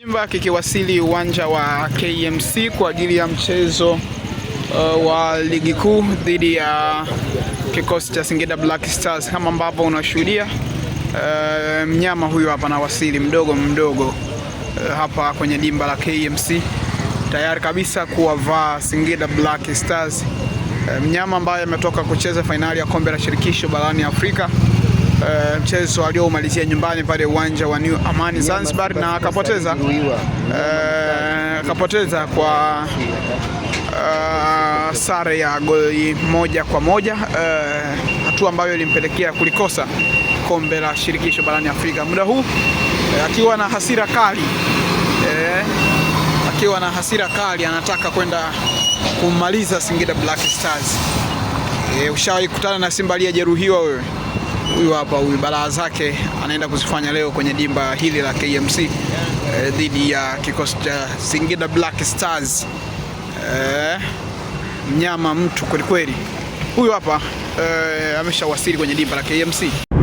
Simba kikiwasili uwanja wa KMC kwa ajili ya mchezo uh, wa ligi kuu dhidi ya kikosi cha Singida Black Stars kama ambavyo unashuhudia uh, mnyama huyu hapa anawasili mdogo mdogo uh, hapa kwenye dimba la KMC tayari kabisa kuwavaa Singida Black Stars uh, mnyama ambaye ametoka kucheza fainali ya kombe la shirikisho barani Afrika uh, mchezo alioumalizia nyumbani pale uwanja wa New Amani Zanzibar, na akapoteza eh, akapoteza uh, kwa uh, sare ya goli moja kwa moja uh, hatua ambayo ilimpelekea kulikosa kombe la shirikisho barani Afrika muda huu uh, akiwa na hasira kali uh, akiwa na hasira kali anataka kwenda kumaliza Singida Black Stars. Uh, ushawahi kukutana na Simba aliyejeruhiwa wewe? huyu hapa, huyu balaa zake anaenda kuzifanya leo kwenye dimba hili la KMC eh, dhidi ya kikosi cha Singida Black Stars eh, mnyama mtu kwelikweli. Huyu hapa eh, ameshawasili kwenye dimba la KMC.